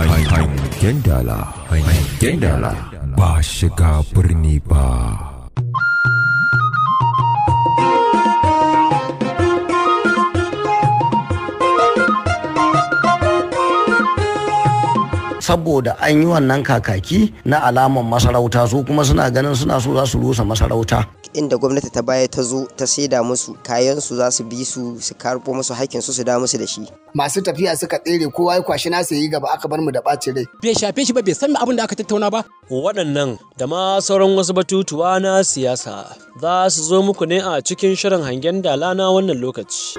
Hai Gendala Hai Gendala Bahasa Perniba saboda an yi wannan kakaki na alaman masarauta su kuma suna ganin suna so za su rusa masarauta inda gwamnati ta baya ta zo ta saida musu kayan su za su bi su su karbo musu hakkin su su da musu da shi masu tafiya suka tsere kowa ya kwashi nasa yi gaba aka bar mu da bacin rai bai shafe shi ba bai san abin da aka tattauna ba waɗannan da ma sauran wasu batutuwa na siyasa za su zo muku ne a cikin shirin hangen dala na wannan lokaci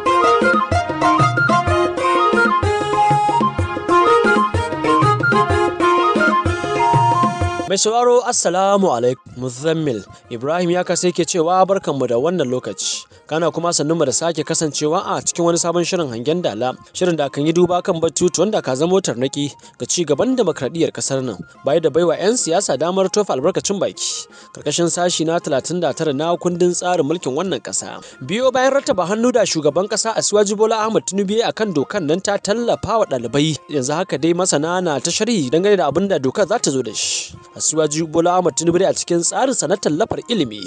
Mai sauraro Assalamu alaikum Muzammil Ibrahim ya kasa yake cewa mu da wannan lokaci kana kuma sannu mu da sake kasancewa a cikin wani sabon shirin hangen dala shirin da kan yi duba kan batutuwan da ka zama tarnaki ga ci gaban demokradiyyar kasar nan baya da baiwa 'yan siyasa damar tofa albarkacin baki karkashin sashi na 39 na kundin tsarin mulkin wannan kasa biyo bayan rattaba hannu da shugaban kasa asuwaji Bola Ahmad Tinubu akan dokan nan ta tallafa wa ɗalibai yanzu haka dai masana na ta sharhi dangane da abin da dokar za ta zo da shi Asiwaji Bola Ahmad Tinubu a cikin tsarin sa na tallafar ilimi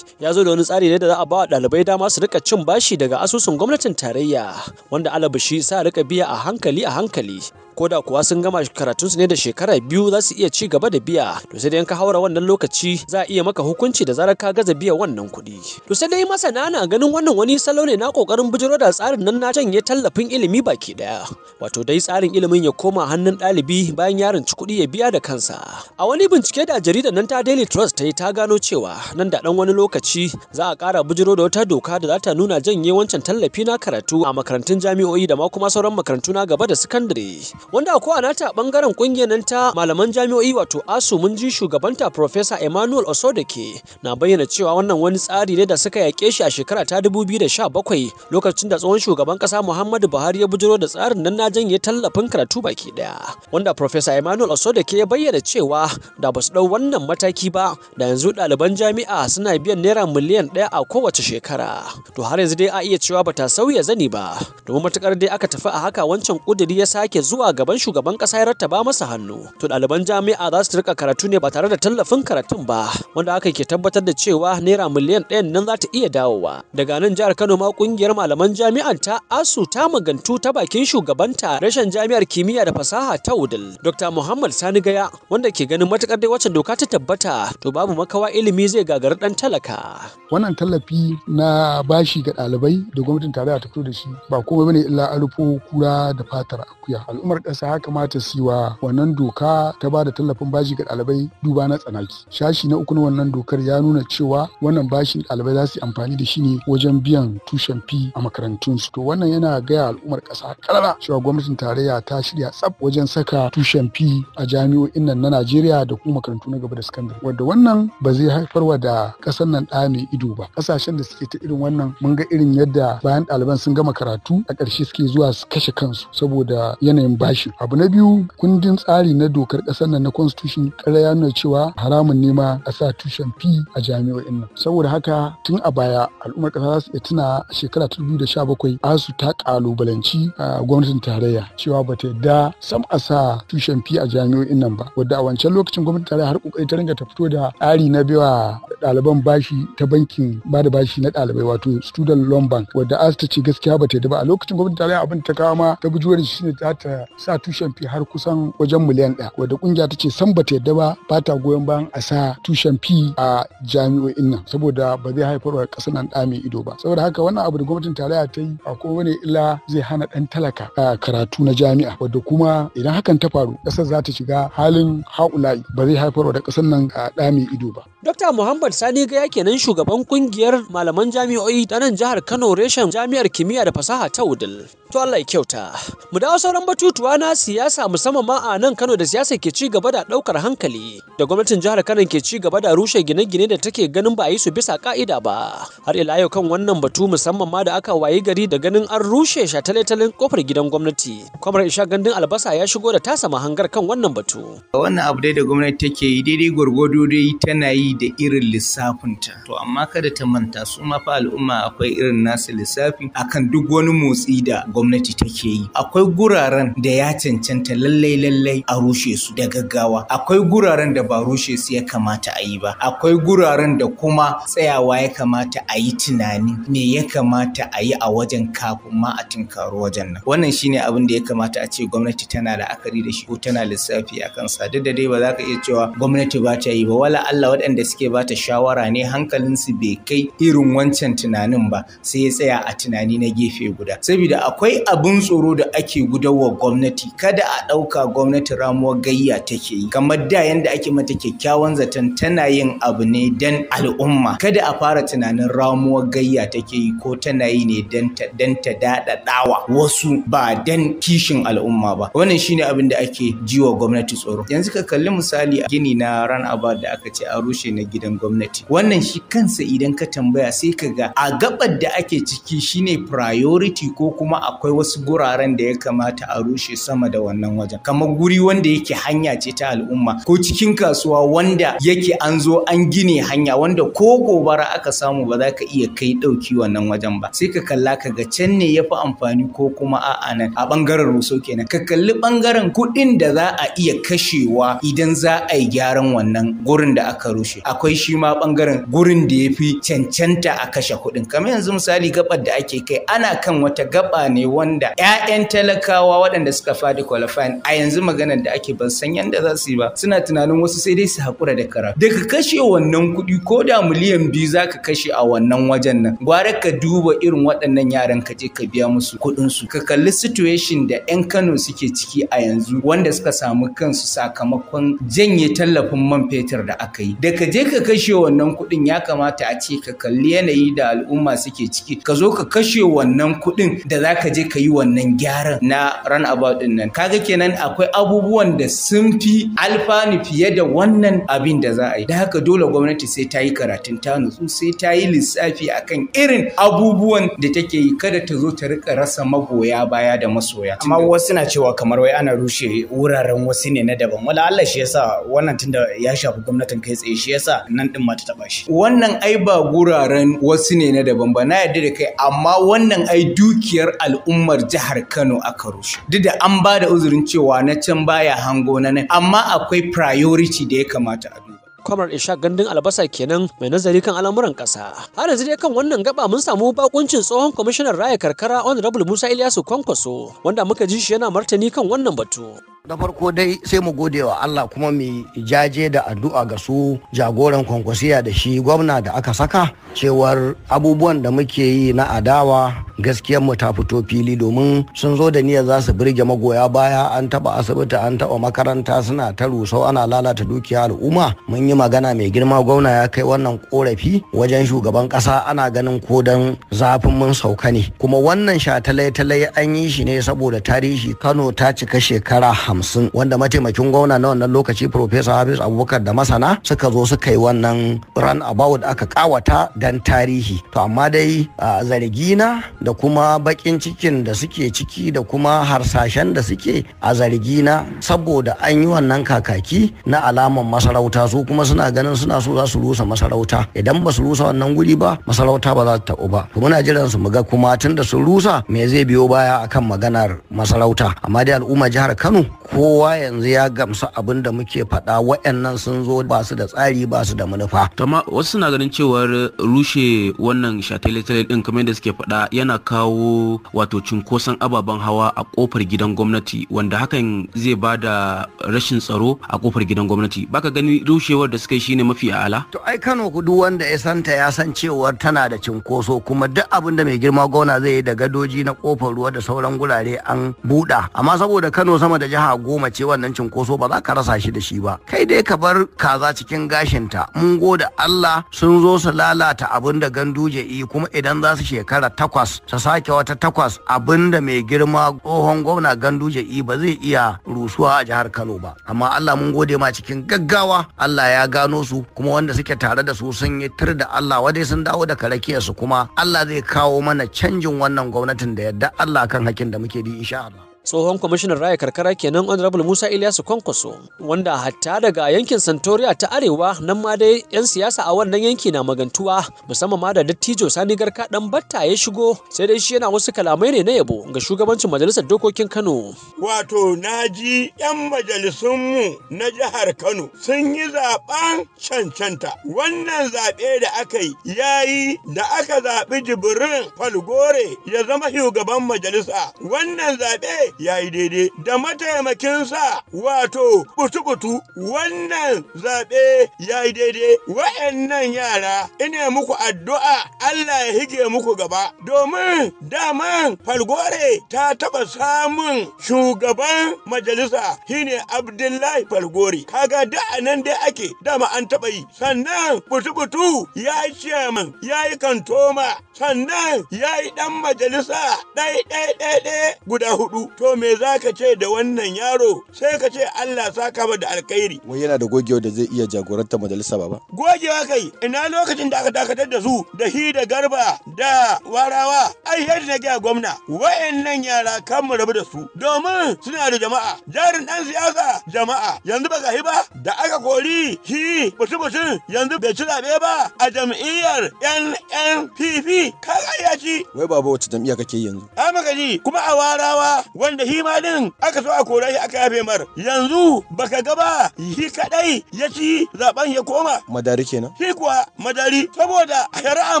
ya zo da wani tsari ne da za a ba wa ɗalibai dama su rika cin bashi daga asusun gwamnatin tarayya wanda alabashi sa rika biya a hankali a hankali ko da kuwa sun gama karatun su ne da shekara biyu za su iya ci gaba da biya to sai dai ka haura wannan lokaci za a iya maka hukunci da zarar ka gaza biya wannan kuɗi to sai dai masana na ganin wannan wani salo ne na kokarin bujiro da tsarin nan na janye tallafin ilimi baki daya wato dai tsarin ilimin ya koma hannun ɗalibi bayan yaron ci kuɗi ya biya da kansa a wani bincike da jaridar nan ta daily trust ta yi ta gano cewa nan da ɗan wani lokaci za a ƙara bujiro da wata doka da za ta nuna janye wancan tallafi na karatu a makarantun jami'o'i da ma kuma sauran makarantu na gaba da sakandare wanda ko a nata bangaren kungiyar nan ta malaman jami'o'i wato asu mun ji shugabanta professor emmanuel osodeke na bayyana cewa wannan wani tsari ne da suka yake shi a shekara ta 2017 lokacin da tsohon shugaban kasa muhammadu buhari ya bujiro da tsarin nan na janye tallafin karatu baki daya wanda professor emmanuel osodeke ya bayyana cewa da basu dau wannan mataki ba da yanzu ɗaliban jami'a suna biyan naira miliyan ɗaya a kowace shekara to har yanzu dai a iya cewa ba ta sauya zani ba domin matukar dai aka tafi a haka wancan kuduri ya sake zuwa gaban shugaban kasa ya rattaba masa hannu to ɗaliban jami'a za su rika karatu ne ba tare da tallafin karatun ba wanda aka ke tabbatar da cewa naira miliyan ɗayan nan za ta iya dawowa daga nan jihar Kano ma kungiyar malaman jami'an ta ASU ta magantu ta bakin shugabanta rashin jami'ar kimiyya da fasaha ta Wudil Dr. Muhammad Sani Gaya wanda ke ganin matukar dai wacce doka ta tabbata to babu makawa ilimi zai gagari dan talaka wannan tallafi na bashi ga ɗalibai da gwamnatin tarayya ta fito da shi ba komai bane illa arufo kura da fatar akuya al'ummar ƙasa ya kamata su yi wa wannan doka ta ba da tallafin bashi ga ɗalibai duba na tsanaki shashi na uku na wannan dokar ya nuna cewa wannan bashin ɗalibai za su yi amfani da shi ne wajen biyan tushen fi a makarantunsu to wannan yana gaya al'ummar ƙasa ƙarara cewa gwamnatin tarayya ta shirya tsaf wajen saka tushen fi a jami'o'in nan na najeriya da kuma makarantu na gaba da sakandare wanda wannan ba zai haifar wa da ƙasar nan ɗaya mai ido ba ƙasashen da suke ta irin wannan mun ga irin yadda bayan ɗaliban sun gama karatu a ƙarshe suke zuwa su kashe kansu saboda yanayin bashi abu na biyu kundin tsari na dokar ƙasar nan na constitution ƙara ya nuna cewa haramun nema a sa tushen fi a jami'o'in nan saboda haka tun a baya al'ummar kasa za su iya tuna shekara ta dubu da sha bakwai asu ta ƙalubalanci a gwamnatin tarayya cewa ba ta yadda sam a sa tushen fi a jami'o'in nan ba wadda a wancan lokacin gwamnatin tarayya har kokari ta ringa ta fito da tsari na biwa ɗaliban bashi ta bankin ba da bashi na ɗalibai wato student loan bank wadda su ta ce gaskiya ba ta yadda ba a lokacin gwamnatin tarayya abin ta kawo ta bujuwar shi ne ta ta sa tushen fi har kusan wajen miliyan ɗaya wadda kungiya ta ce san ta yadda ba ba ta goyon bayan a sa tushen fi a jami'o'in nan saboda ba zai haifar wa ƙasar nan ɗa mai ido ba saboda haka wannan abu da gwamnatin tarayya ta yi a kowane illa zai hana ɗan talaka a karatu na jami'a wadda kuma idan hakan ta faru ƙasar za ta shiga halin haula'i ba zai haifar da ƙasar nan a ɗa mai ido ba. Dokta Muhammad Sani Gaya kenan shugaban kungiyar malaman jami'o'i ta nan jihar Kano reshen jami'ar kimiyya da fasaha ta Wudil. To Allah ya kyauta. Mu dawo sauran batutuwa rana siyasa musamman ma a nan Kano da siyasa ke ci gaba da daukar hankali da gwamnatin jihar Kano ke ci gaba da rushe gine-gine da take ganin ba a yi su bisa ka'ida ba har ila yau kan wannan batu musamman ma da aka wayi gari da ganin an rushe shataletalen kofar gidan gwamnati kwamar Isha Gandun Albasa ya shigo da tasa mahangar kan wannan batu wannan abu dai da gwamnati take yi daidai gwargwado dai tana yi da irin lissafinta to amma kada ta manta su ma fa al'umma akwai irin nasu lissafi akan duk wani motsi da gwamnati take yi akwai guraren da ya cancanta lallai lallai a rushe su da gaggawa akwai guraren da ba rushe su ya kamata a yi ba akwai guraren da kuma tsayawa ya kamata a yi tunani me ya kamata a yi a wajen kafin ma a tunkaru wajen nan wannan shine abin da ya kamata a ce gwamnati tana da akari da shi ko tana lissafi a kansa duk da dai ba za ka iya cewa gwamnati ba ta yi ba wala Allah waɗanda suke ba ta shawara ne hankalin su bai kai irin wancan tunanin ba sai ya tsaya a tunani na gefe guda saboda akwai abin tsoro da ake gudawa gwamnati gwamnati kada a ɗauka gwamnati ramuwar gayya take yi kamar da yadda ake mata kyakkyawan zaton tana yin abu ne dan al'umma kada a fara tunanin ramuwar gayya take yi ko tana yi ne dan ta daɗaɗawa wasu ba dan kishin al'umma ba wannan shine abin da ake jiwa gwamnati tsoro yanzu ka kalli misali a gini na ran aba da aka ce a rushe na gidan gwamnati wannan shi kansa idan ka tambaya sai ka ga a gabar da ake ciki shine priority ko kuma akwai wasu guraren da ya kamata a rushe sama da wannan wajen kamar guri wanda yake hanya ce ta al'umma ko cikin kasuwa wanda yake an zo an gine hanya wanda ko gobara aka samu ba za ka iya kai ɗauki wannan wajen ba sai ka kalla ka ga can ne ya fi amfani ko kuma a'a nan a ɓangaren ruso kenan ka kalli ɓangaren kuɗin da za a iya kashewa idan za a yi gyaran wannan gurin da aka rushe akwai shi ma ɓangaren gurin da ya fi cancanta a kashe kuɗin kamar yanzu misali gaɓar da ake kai ana kan wata gaɓa ne wanda 'ya'yan talakawa waɗanda suka fadi qualifying a yanzu maganar da ake ban san yanda za su yi ba suna tunanin wasu sai dai su hakura da kara daga kashe wannan kuɗi ko da miliyan biyu za ka kashe a wannan wajen nan gwara ka duba irin waɗannan yaran ka je ka biya musu kuɗin su ka kalli situation da 'yan Kano suke ciki a yanzu wanda suka samu kansu sakamakon janye tallafin man fetur da aka yi da ka je ka kashe wannan kuɗin ya kamata a ce ka kalli yanayi da al'umma suke ciki ka zo ka kashe wannan kuɗin da za ka je ka yi wannan gyaran na run about waɗannan kaga kenan akwai abubuwan da sun fi alfanu fiye da wannan abin da za a yi da haka dole gwamnati sai ta yi karatun ta nutsu sai ta yi lissafi akan irin abubuwan da take yi kada ta zo ta rika rasa magoya baya da masoya amma wasu na cewa kamar wai ana rushe wuraren wasu ne na daban wala Allah shi yasa wannan tunda ya shafi gwamnatin kai tsaye shi yasa nan din ma ta taba shi wannan ai ba guraren wasu ne na daban ba na yarda da kai amma wannan ai dukiyar al'ummar jihar Kano aka rushe duk da an ba da uzurin cewa na can baya hango na nan amma akwai priority da ya kamata a duba kwamar isha gandun albasa kenan mai nazari kan al'amuran kasa har yanzu dai kan wannan gaba mun samu bakuncin tsohon kwamishinan raya karkara honorable musa ilyasu kwankwaso wanda muka ji shi yana martani kan wannan batu da farko dai sai mu gode wa Allah kuma mu jaje da addu'a ga su jagoran kwankwasiya da shi gwamna da aka saka cewar abubuwan da muke yi na adawa gaskiyar mu ta fito fili domin sun zo da niyyar za su birge magoya baya an taba asibiti an taba makaranta suna ta rusau ana lalata dukiya al'umma mun yi magana mai girma gwamna ya kai wannan korafi wajen shugaban kasa ana ganin ko dan zafin mun sauka ne kuma wannan sha talai an yi shi ne saboda tarihi Kano ta cika shekara hamsin wanda mataimakin gwamna na wannan lokaci Profesa Hafiz Abubakar da masana suka zo suka yi wannan run about aka kawata dan tarihi. To amma dai a zargina da kuma bakin cikin da suke ciki da kuma harsashen da suke a zargina saboda an yi wannan kakaki na alaman masarauta su kuma suna ganin suna so za su rusa masarauta idan ba su rusa wannan guri ba masarauta ba za ta taɓu ba. To muna jiran su mu ga kuma tun da sun rusa me zai biyo baya akan maganar masarauta amma dai al'umma jihar Kano kowa yanzu ya gamsu abin da muke faɗa wa'yannan sun zo ba su da tsari ba su da manufa. Tama wasu suna ganin cewar rushe wannan shataletale din kamar yadda suke faɗa yana kawo wato cunkoson ababen hawa a kofar gidan gwamnati wanda hakan zai ba da rashin tsaro a kofar gidan gwamnati baka gani rushewar da suka yi shine mafi ala. To ai Kano kudu wanda ya santa ya san cewar tana da cinkoso kuma duk abin da mai girma gwamna zai yi da gadoji na kofar ruwa da sauran gurare an buɗa amma saboda Kano sama da jiha goma ce wannan cinkoso ba za ka rasa shi da shi ba kai dai ka bar kaza cikin gashin ta mun gode Allah sun zo su lalata abin da ganduje yi kuma idan za su shekara takwas su sake wata takwas abin da mai girma tsohon gwamna ganduje yi ba zai iya rusuwa a jihar Kano ba amma Allah mun gode ma cikin gaggawa Allah ya gano su kuma wanda suke tare da su sun yi tur da Allah wadai sun dawo da karakiyar su kuma Allah zai kawo mana canjin wannan gwamnatin da yadda Allah kan hakin da muke di insha Allah tsohon kwamishinan raya karkara kenan honorable musa ilyasu kwankwaso wanda hatta daga yankin santoria ta arewa nan ma dai yan siyasa a wannan yanki na magantuwa musamman ma da dattijo sani garka dan batta ya shigo sai dai shi yana wasu kalamai ne na yabo ga shugabancin majalisar dokokin kano wato naji yan majalisun mu na jihar kano sun yi zaben cancanta wannan zaɓe da aka yi yayi da aka zaɓi jibrin falgore ya zama shugaban majalisa wannan zaɓe ya yi daidai da mataimakinsa wato butu-butu wannan zaɓe ya yi daidai wa'annan yara ina muku addu'a Allah ya hige muku gaba domin daman falgore ta taɓa samun shugaban majalisa shine Abdullahi falgore kaga da nan dai ake dama an taɓa yi sannan butu-butu ya yi ciyaman ya yi kantoma sannan ya yi ɗan majalisa ɗai ɗai ɗai guda hudu to me za ka ce da wannan yaro sai ka ce Allah saka ba da alkhairi wai yana da gogewa da zai iya jagorantar majalisa baba gogewa kai ina lokacin da aka dakatar da su da hi da garba da warawa ai yadda na gaya gwamna wa'annan yara kan mu rabu da su domin suna da jama'a jarin dan siyasa jama'a yanzu ba gahi ba da aka kori shi mutum mutum yanzu bai ci zabe ba a jam'iyyar NNPP ga ya ci wai babu wata jam'iyya kake yanzu a magaji kuma a warawa wani wanda shi ma din aka so a kore shi aka yafe mar yanzu baka ga ba shi kadai ya ci zaben ya koma madari kenan shi kuwa madari saboda shari'a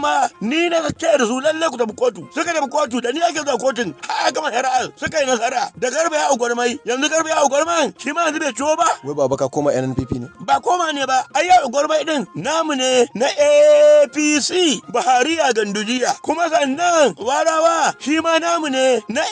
ma ni na ce da su lalle ku tafi kotu suka tafi kotu da ni ake zuwa kotun a gama shari'a suka yi nasara da garba ya mai yanzu garba ya mai shi ma yanzu bai ciwo ba wai baba ka koma NNPP ne ba koma ne ba ai ya mai din namu ne na APC buhariya a gandujiya kuma sannan warawa shi ma namu ne na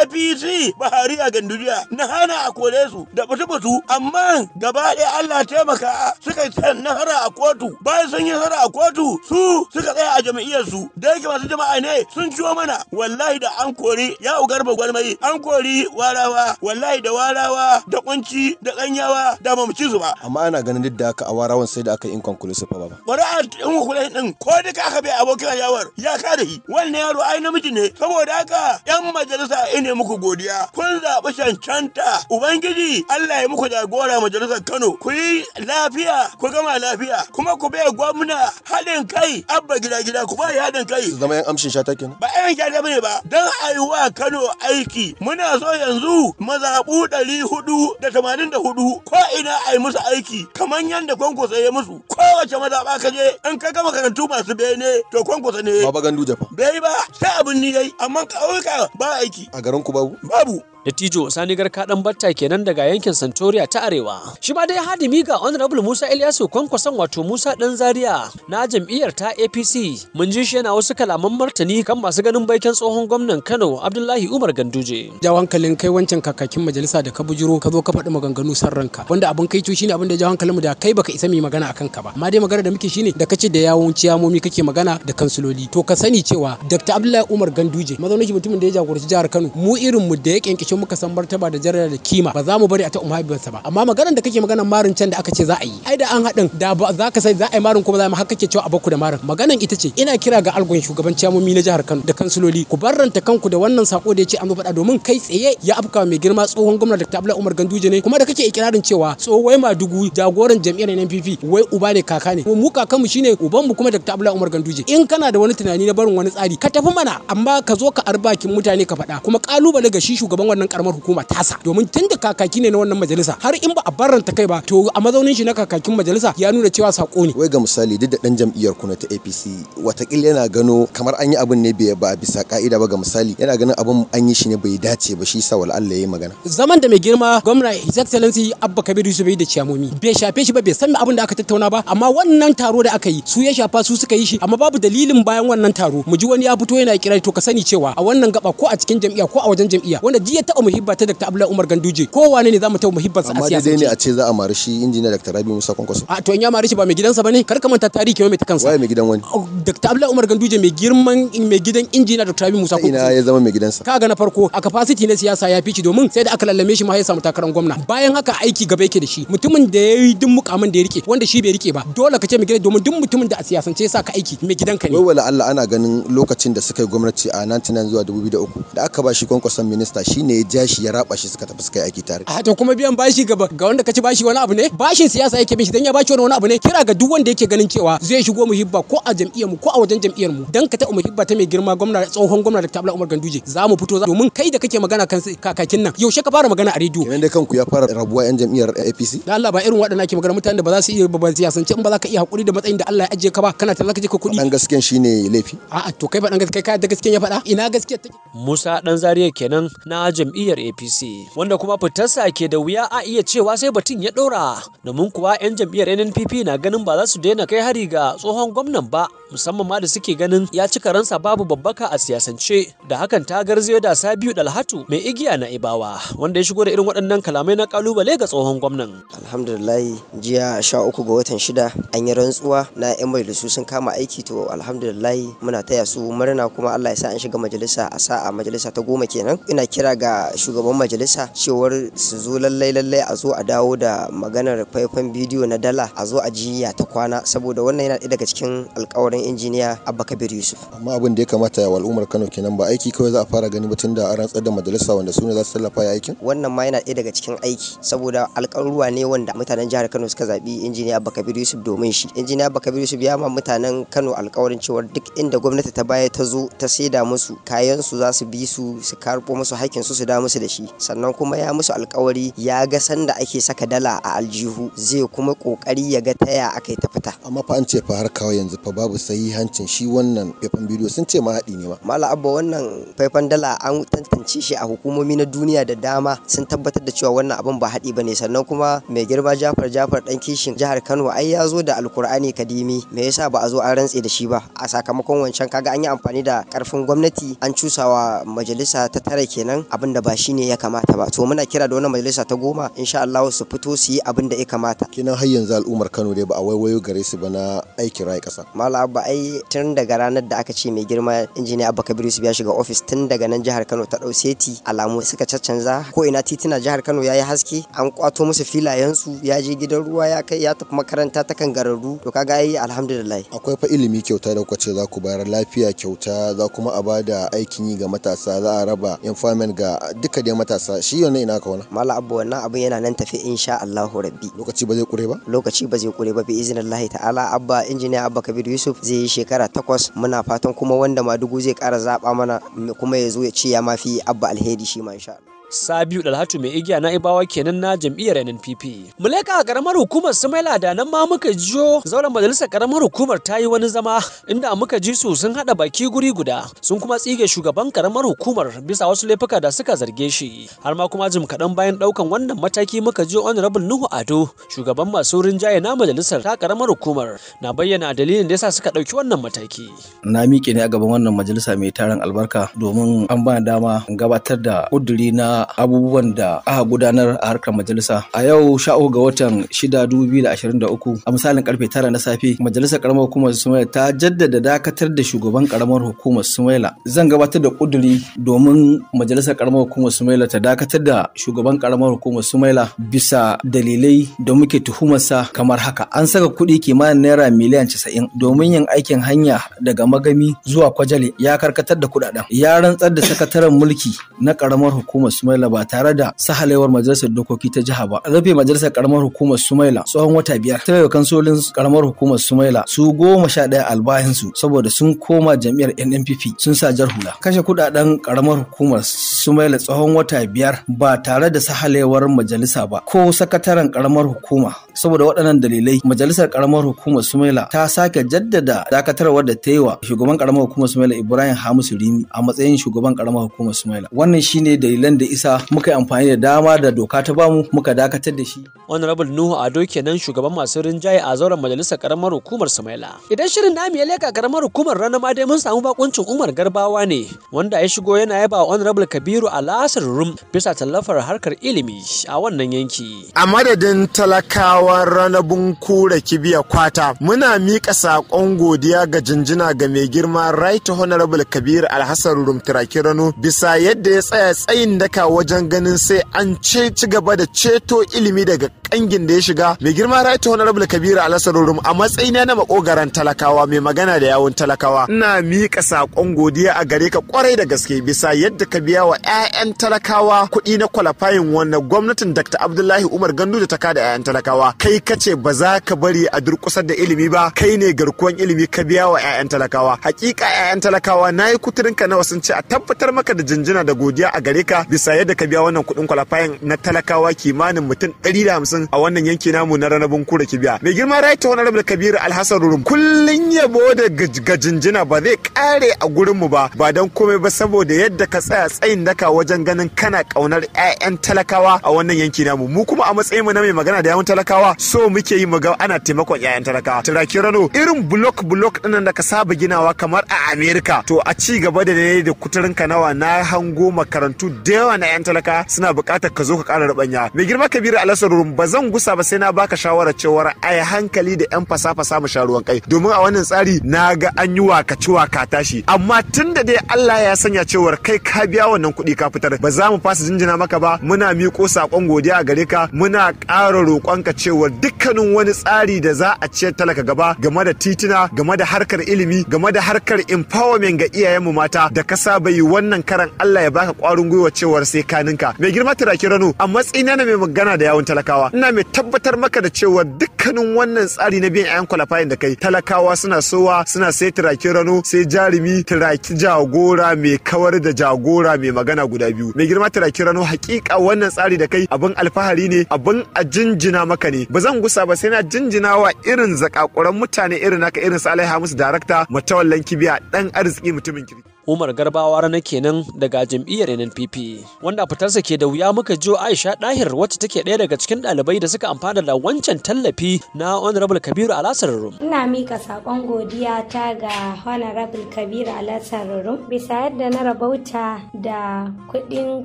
APC Buhari bahari a gandujiya na hana a kore su da batu-batu amma gaba ɗaya Allah taimaka suka yi nahara a kotu bayan sun yi nahara a kotu su suka tsaya a jam'iyyar su da yake masu jama'a ne sun ciwo mana wallahi da an kori ya ba gwalmai an kori warawa wallahi da warawa da kunci da kanyawa da mamaci su ba amma ana ganin duk da aka a warawan sai da aka yi inconclusive ba ba bari a inconclusive din ko duka aka bai abokin yawar ya kare wannan yaro ai namiji ne saboda haka yan majalisa ine muku godiya godiya kun zaɓi cancanta ubangiji Allah ya muku jagora majalisar Kano ku yi lafiya ku gama lafiya kuma ku bai gwamna haɗin kai abba gida gida ku ba haɗin kai su zama yan amshin shata kenan ba yan sha ta ba dan wa Kano aiki muna so yanzu mazaɓu ɗari hudu da tamanin da hudu ko ina yi musu aiki kamar yadda kwankwasa ya musu kowace mazaɓa ka je in ka gama karantu masu bene to kwankwasa ne baba gandu jafa bai ba sai abin ni yayi amma ƙauyuka ba aiki a garin ku babu Abou. Dattijo Sani Garka dan Batta kenan daga yankin Santoria ta Arewa. Shi ma dai hadimi ga Honorable Musa Ilyasu Kwankwason wato Musa dan Zaria na jam'iyyar ta APC. Mun ji shi yana wasu kalaman martani kan masu ganin baikin tsohon gwamnan Kano Abdullahi Umar Ganduje. Ja hankalin kai wancan kakakin majalisa da ka bujiro ka zo ka faɗi maganganu san ranka wanda abin kai shine abin da ja hankalinmu da kai baka isa mai magana akan ka ba. Amma dai magana da muke shine da kace da yawon ciyamomi kake magana da kansuloli to ka sani cewa Dr. Abdullahi Umar Ganduje mazaunin mutumin da ya jagoranci jihar Kano mu irin mu da ya kyankice ce muka san martaba da daraja da kima ba za mu bari a ta mahaifiyarsa ba amma maganar da kake maganar marin can da aka ce za a yi ai da an hadin da ba za ka sai za a yi marin kuma za mu har cewa a baku da marin maganar ita ce ina kira ga algon shugaban ciyamomi na jihar Kano da kansuloli ku barranta kanku da wannan sako da ya ce an faɗa domin kai tsaye ya afka mai girma tsohon gwamna Dr. Abdullahi Umar Ganduje ne kuma da kake ikirarin cewa tsohon Madugu jagoran jam'iyyar NPP wai uba ne kaka ne mu kakanmu shine uban mu kuma Dr. Abdullahi Umar Ganduje in kana da wani tunani na barin wani tsari ka tafi mana amma ka zo ka arbakin mutane ka faɗa kuma kalubale ga shi shugaban wannan wannan karamar hukuma tasa domin tun da kakaki ne na wannan majalisa har in ba a barranta kai ba to a mazaunin shi na kakakin majalisa ya nuna cewa sako ne wai ga misali duk da dan jam'iyyar ku na ta APC watakila yana gano kamar an yi abin ne bai ba bisa ka'ida ba ga misali yana ganin abin an yi shi ne bai dace ba shi sa wal Allah yayi magana zaman da mai girma gwamna His Excellency Abba Kabiru Yusuf da ciyamomi bai shafe shi ba bai san abin da aka tattauna ba amma wannan taro da aka yi su ya shafa su suka yi shi amma babu dalilin bayan wannan taro mu ji wani ya fito yana kira to ka sani cewa a wannan gaba ko a cikin jam'iyya ko a wajen jam'iyya wanda jiya ta taɓa muhibba ta Dr. Abdullahi Umar Ganduje ko wane ne zamu taba muhibbarsa a siyasa amma dai ne a ce za a mari shi injiniya Dr. Rabi Musa Kwankwaso a to in ya mari shi ba mai gidansa bane kar ka manta tarihi kuma mai ta kansa waye mai gidan wani oh, Dr. Abdullahi Umar Ganduje mai girman mai gidan injiniya Dr. Rabi Musa Kwankwaso ina ya zama mai gidansa kaga na farko a capacity na siyasa ya fici domin sai da aka lallame shi ma ya samu takarar gwamna bayan haka aiki gaba yake da shi mutumin da ya yi duk mukamin da ya rike wanda shi bai rike ba dole ka ce mai gidan domin duk mutumin da a siyasance sa ka aiki mai gidanka ne wai wala Allah ana ganin lokacin da suka yi gwamnati a 99 zuwa 2003 da aka ba shi kwankwason minista shine ya ja shi ya raba shi suka tafi suka yi aiki tare a to kuma biyan bashi ga ga wanda kaci bashi wani abu ne bashin siyasa yake bin shi dan ya bashi wani abu ne kira ga duk wanda yake ganin cewa zai shigo muhibba ko a jam'iyyar mu ko a wajen jam'iyyar mu dan ka ta muhibba ta mai girma gwamna tsohon gwamna Dr. Abdullahi Umar Ganduje za mu fito za domin kai da kake magana kan kakakin nan yaushe ka fara magana a rediyo kenan da kanku ya fara rabuwa yan jam'iyyar APC Dan Allah ba irin waɗannan ake magana mutanen da ba za su iya babban siyasance in ba za ka iya hakuri da matsayin da Allah ya ajiye ka ba kana tallaka je ka kuɗi dan gaskiyan shine laifi a'a to kai fa dan gaskiya kai ka da gaskiyan ya faɗa ina gaskiya take Musa dan Zariya kenan na aje jam'iyyar apc wanda kuma fitarsa ke da wuya a iya cewa sai batun ya ɗora domin kuwa 'yan jam'iyyar nnpp na ganin ba za su daina kai hari ga tsohon gwamnan ba musamman ma da suke ganin ya cika ransa babu babbaka a siyasance da hakan ta garzayo da sabiu dalhatu mai igiya na ibawa wanda ya shigo da irin waɗannan kalamai na kalubale ga tsohon gwamnan alhamdulillah jiya sha ga watan shida an yi rantsuwa na yan majalisu sun kama aiki to alhamdulillah muna taya su murna kuma allah ya sa an shiga majalisa a sa'a majalisa ta goma kenan ina kira ga shugaban majalisa cewar su zo lallai lallai a zo a dawo da maganar faifan bidiyo na dala a zo a jiya ta kwana saboda wannan yana daga cikin alkawarin injiniya abba kabir yusuf amma abin da ya kamata ya al'ummar kano kenan ba aiki kawai za a fara gani ba tunda an rantsar da majalisa wanda su ne za su tallafa ya aikin wannan ma yana ɗaya daga cikin aiki saboda alƙaruwa ne wanda mutanen jihar kano suka zaɓi injiniya abba kabir yusuf domin shi injiniya abba kabir yusuf ya ma mutanen kano alƙawarin cewa duk inda gwamnati ta baya ta zo ta saida musu kayan su za su bi su su karɓo musu haƙƙin su su da musu da shi sannan kuma ya musu alkawari ya ga sanda ake saka dala a aljihu zai kuma kokari ya ga taya aka yi ta fita amma fa an ce fa har kawai yanzu fa babu hancin shi wannan faifan bidiyo sun ce ma haɗi ne ma mala abba wannan faifan dala an tantance shi a hukumomi na duniya da dama sun tabbatar da cewa wannan abin ba haɗi bane sannan kuma mai girma Jafar Jafar dan kishin jihar Kano ai ya zo da alkur'ani kadimi me yasa ba a zo an rantse da shi ba a sakamakon wancan kaga an yi amfani da karfin gwamnati an cusawa majalisa ta tare kenan abin da ba shi ne ya kamata ba to muna kira da wannan majalisa ta goma insha Allah su fito su yi abin da ya kamata kinan har yanzu al'ummar Kano dai ba a waiwayo gare su ba na aikin rai kasa Malam abba ai tun daga ranar da aka ce mai girma injiniya Abba Kabiru su ya shiga ofis tun daga nan jihar Kano ta dau seti alamu suka caccanza ko ina titina jihar Kano ya yi haske an kwato musu su ya je gidan ruwa ya kai ya tafi makaranta ta kangararru to kaga ai alhamdulillah akwai fa ilimi kyauta da kuka ce za ku bayar lafiya kyauta za kuma a da aikin yi ga matasa za a raba employment ga duka dai matasa shi yau ne ina ka wani mala abu wannan abin yana nan tafi insha Allahu rabbi lokaci ba zai kure ba lokaci ba zai kure ba bi iznillahi ta'ala abba injiniya abba kabiru yusuf zai yi shekara takwas muna fatan kuma wanda madugu zai kara zaba mana kuma ya zo ya ce ya mafi abba alheri shi ma insha Allah Sabiu Dalhatu mai igiya na Ibawa kenan na jam'iyyar NNPP. Muleka a karamar hukumar Sumaila da nan ma muka jiyo zauren majalisar karamar hukumar ta yi wani zama inda muka ji su sun hada baki guri guda sun kuma tsige shugaban karamar hukumar bisa wasu laifuka da suka zarge shi har ma kuma jim kaɗan bayan ɗaukan wannan mataki muka ji honorable Nuhu Ado shugaban masu rinjaye na majalisar ta karamar hukumar na bayyana dalilin da yasa suka ɗauki wannan mataki. Na miƙe ne a gaban wannan majalisa mai taron albarka domin an ba dama gabatar da ƙuduri na abubuwan da aka gudanar a harkar majalisa a yau sha ga watan shida dubu biyu da ashirin da uku a misalin karfe tara na safe majalisar karamar hukumar sumaila ta jaddada dakatar da shugaban karamar hukumar sumaila zan gabatar da kuduri domin majalisar karamar hukumar sumaila ta dakatar da shugaban karamar hukumar sumaila bisa dalilai da muke tuhumarsa kamar haka an saka kuɗi kimanin naira miliyan casa'in domin yin aikin hanya daga magami zuwa kwajale ya karkatar da kuɗaɗen ya rantsar da sakataren mulki na karamar hukumar Sumaila ba tare da sahalewar majalisar dokoki ta jiha ba. Rufe majalisar karamar hukumar Sumaila tsawon wata biyar. Ta yau kansolin karamar hukumar Sumaila su goma sha ɗaya albahinsu saboda sun koma jam'iyyar NNPP sun sa jar hula. Kashe kuɗaɗen karamar hukumar Sumaila tsohon wata biyar ba tare da sahalewar majalisa ba ko sakataren karamar hukuma saboda waɗannan dalilai majalisar karamar hukumar Sumaila ta sake jaddada dakatarwar da ta yi wa shugaban karamar hukumar Sumaila Ibrahim Hamisu Rimi a matsayin shugaban karamar hukumar Sumaila. Wannan shine dalilan da isa muka yi amfani da dama da doka ta bamu muka dakatar da shi. Honorable Nuhu Ado kenan shugaban masu rinjaye a zauren majalisar karamar hukumar Sumaila. Idan shirin namu ya leka karamar hukumar rana ma dai mun samu bakuncin Umar Garbawa ne wanda ya shigo yana yaba wa Honorable Kabiru Alasar Rum bisa tallafar harkar ilimi a wannan yanki. A madadin talakawa ranabun kura kibiya kwata muna mika saƙon godiya ga jinjina ga mai girma Right Honorable Kabiru Alhassan Rum rano bisa yadda ya tsaya tsayin daka wajen ganin sai an ce ci gaba da ceto ilimi daga kangin da ya shiga mai girma right honorable kabiru alasarurum a matsayina na makogaran talakawa mai magana da yawun talakawa ina mika sakon godiya a gare ka kwarai da gaske bisa yadda ka biya wa 'ya'yan talakawa kuɗi na kwalafayin wannan gwamnatin dr abdullahi umar gandu da ta kada 'ya'yan talakawa kai ka ce ba za ka bari a durƙusar da ilimi ba kai ne garkuwan ilimi ka biya wa 'ya'yan talakawa hakika 'ya'yan talakawa na yi kuturinka nawa sun ce a tabbatar maka da jinjina da godiya a gare ka bisa yadda ka biya wannan kuɗin kwalafayin na talakawa kimanin mutum ɗari a wannan yanki namu na ranabin kura kibiya mai girma right honorable kabiru alhassan rurum kullun yabo da gajinjina ba zai kare a gurin mu ba ba don komai ba saboda yadda ka tsaya tsayin daka wajen ganin kana kaunar ƴaƴan talakawa a wannan yanki namu mu kuma a matsayin mu na mai magana da yawun talakawa so muke yi magana. ana taimakon ƴaƴan talakawa turaki rano irin block block ɗin da ka saba ginawa kamar a Amerika. to a ci gaba da ne da kuturin kanawa na hango makarantu da yawa na 'ya'yan talaka suna buƙatar ka zo ka ƙara rubanya mai girma kabiru alhassan rurum ba zan gusa ba sai na baka shawarar cewar a hankali da yan fasa-fasa mu sha kai domin a wannan tsari na ga an yi wakaci waka tashi amma tun da dai Allah ya sanya cewar kai ka biya wannan kuɗi ka fitar ba za mu fasa jinjina maka ba muna miƙo saƙon godiya a gare ka muna ƙara roƙon ka cewar dukkanin wani tsari da za a ciyar talaka gaba game da tituna, game da harkar ilimi game da harkar empowerment ga iyayen mu mata da ka saba yi wannan karan Allah ya baka ƙwarin gwiwa cewar sai kaninka mai girma turaki rano a matsayina na mai magana da yawun talakawa ina mai tabbatar maka da cewa dukkanin wannan tsari na biyan 'yan kwalafayin da kai talakawa suna sowa suna sai turaki rano sai jarumi turaki jagora mai kawar da jagora mai magana guda biyu mai girma turaki rano hakika wannan tsari da kai abin alfahari ne abin a jinjina maka ne ba zan gusa ba sai na jinjina wa irin zakakuran mutane irin naka irin su alaiha darakta matawallan kibiya dan arziki mutumin kirki Umar Garbawa na kenan daga jam'iyyar NNPP wanda fitarsa ke da wuya muka jiyo Aisha Dahir wacce take ɗaya daga cikin ɗalibai da suka amfana da wancan tallafi na Honorable Kabiru Alasar Ina mika saƙon godiya ta ga Honorable Kabiru Alasar bisa yadda na rabauta da kuɗin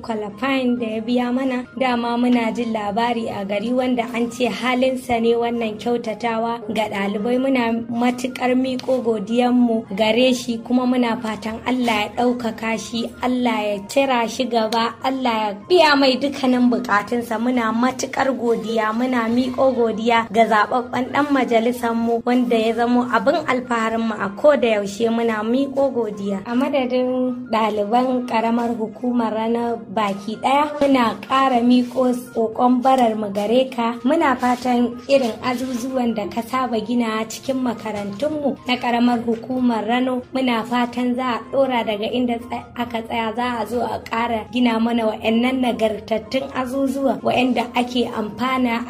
qualifying da ya biya mana dama muna jin labari a gari wanda an ce halinsa ne wannan kyautatawa ga ɗalibai muna matuƙar miko godiyanmu gare shi kuma muna fatan Allah Allah ya ɗaukaka shi Allah ya cira shi gaba Allah ya biya mai dukkanin bukatunsa muna matukar godiya muna miƙo godiya ga zaɓaɓɓen ɗan majalisar mu wanda ya zamo abin alfaharin mu a ko da yaushe muna miƙo godiya a madadin ɗaliban karamar hukumar ranar baki ɗaya muna ƙara miƙo tsokon barar mu gare ka muna fatan irin azuzuwan da ka saba gina cikin makarantunmu na karamar hukumar rano muna fatan za a ɗora daga inda aka tsaya za a zo a ƙara gina mana wa'annan nagartattun azuzuwa wa'anda ake amfana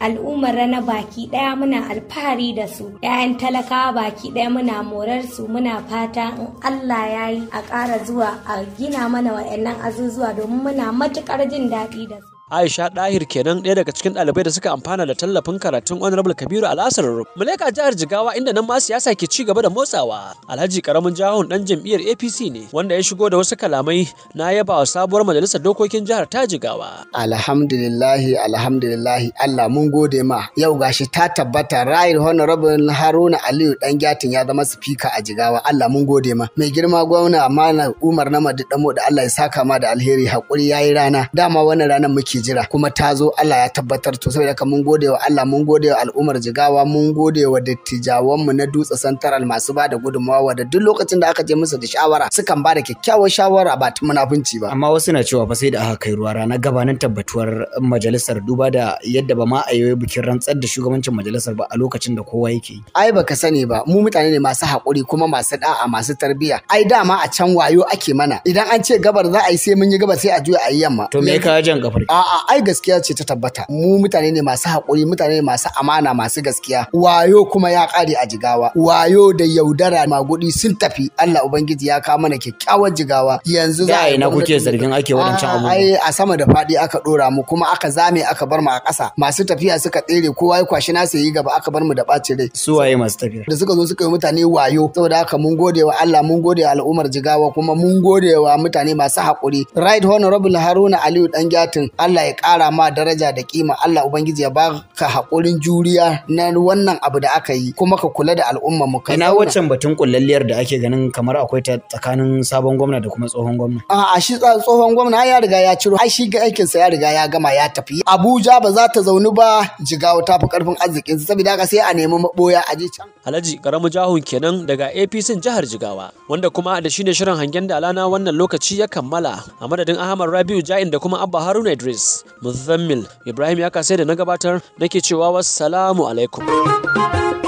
al'umar na baki ɗaya muna alfahari da su 'ya'yan talakawa baki ɗaya muna morar su muna fata in Allah ya yi a ƙara zuwa a gina mana wa'annan azuzuwa domin muna matuƙar jin daɗi da su. Aisha Dahir kenan ɗaya daga cikin ɗalibai da suka amfana da tallafin karatun Honorable Kabiru Alhassan Rub. Muleka jihar Jigawa inda nan ma siyasa ke ci gaba da motsawa. Alhaji Karamin Jahun ɗan jam'iyyar APC ne wanda ya shigo da wasu kalamai na yaba wa sabuwar majalisar dokokin jihar ta Jigawa. Alhamdulillahi alhamdulillahi Allah mun gode ma yau gashi ta tabbata Rahil Honorable Haruna Aliyu dan Gyatin ya zama sifika a Jigawa Allah mun gode ma. Mai girma gwamna Amana Umar Namadi Damo da Allah ya saka ma da alheri hakuri yayi rana dama wannan ranar muke hijira kuma ta zo Allah ya tabbatar to saboda mun gode wa Allah mun gode wa al'ummar jigawa mun gode wa dattijawan mu na dutse santaral masu ba da gudunmawa da duk lokacin da aka je musu da shawara sukan ba da kyakkyawar shawara ba ta munafunci ba amma wasu na cewa fa sai da aka kai ruwa rana gabanin tabbatuwar majalisar duba da yadda ba ma a yi bikin rantsar da shugabancin majalisar ba a lokacin da kowa yake ai baka sani ba mu mutane ne masu haƙuri kuma masu da'a masu tarbiyya ai dama a can wayo ake mana idan an ce gabar za a yi sai mun yi gabar sai a juya a yi yamma to me ka jan gabar a a'a ai gaskiya ce ta tabbata mu mutane ne masu haƙuri mutane ne masu amana masu gaskiya wayo kuma ya ƙare a jigawa wayo da yaudara magudi sun tafi Allah ubangiji ya kawo mana kyakkyawar jigawa yanzu za a yi na kuke zargin ake wadancan abubuwa ai a sama da faɗi aka dora mu kuma aka zame aka bar mu a ƙasa masu tafiya suka tsere kowa ya kwashi nasa yi gaba aka bar mu da ɓacin rai su waye masu tafiya da suka zo suka yi mutane wayo saboda haka mun gode wa Allah mun gode wa al'ummar jigawa kuma mun gode wa mutane masu haƙuri right honorable Haruna Aliyu dan gyatin Allah Allah ya ƙara ma daraja da kima Allah ubangiji ya baka haƙurin juriya na wannan abu da aka yi kuma ka kula da al'umma mu kai ina waccan batun kullalliyar da ake ganin kamar akwai ta tsakanin sabon gwamna da kuma tsohon gwamna a shi tsohon gwamna ya riga ya ciro ai shi ga aikin sa ya riga ya gama ya tafi Abuja ba za ta zauni ba jigawa ta fi karfin arzikin saboda haka sai a nemi maboya a je can Alhaji Karamu Jahun kenan daga APC jihar Jigawa wanda kuma da shine shirin hangen da alana wannan lokaci ya kammala a madadin Ahmad Rabiu Ja'in da kuma Abba Haruna Idris Hafiz Muzammil Ibrahim ya kasai da na gabatar nake cewa wassalamu alaikum.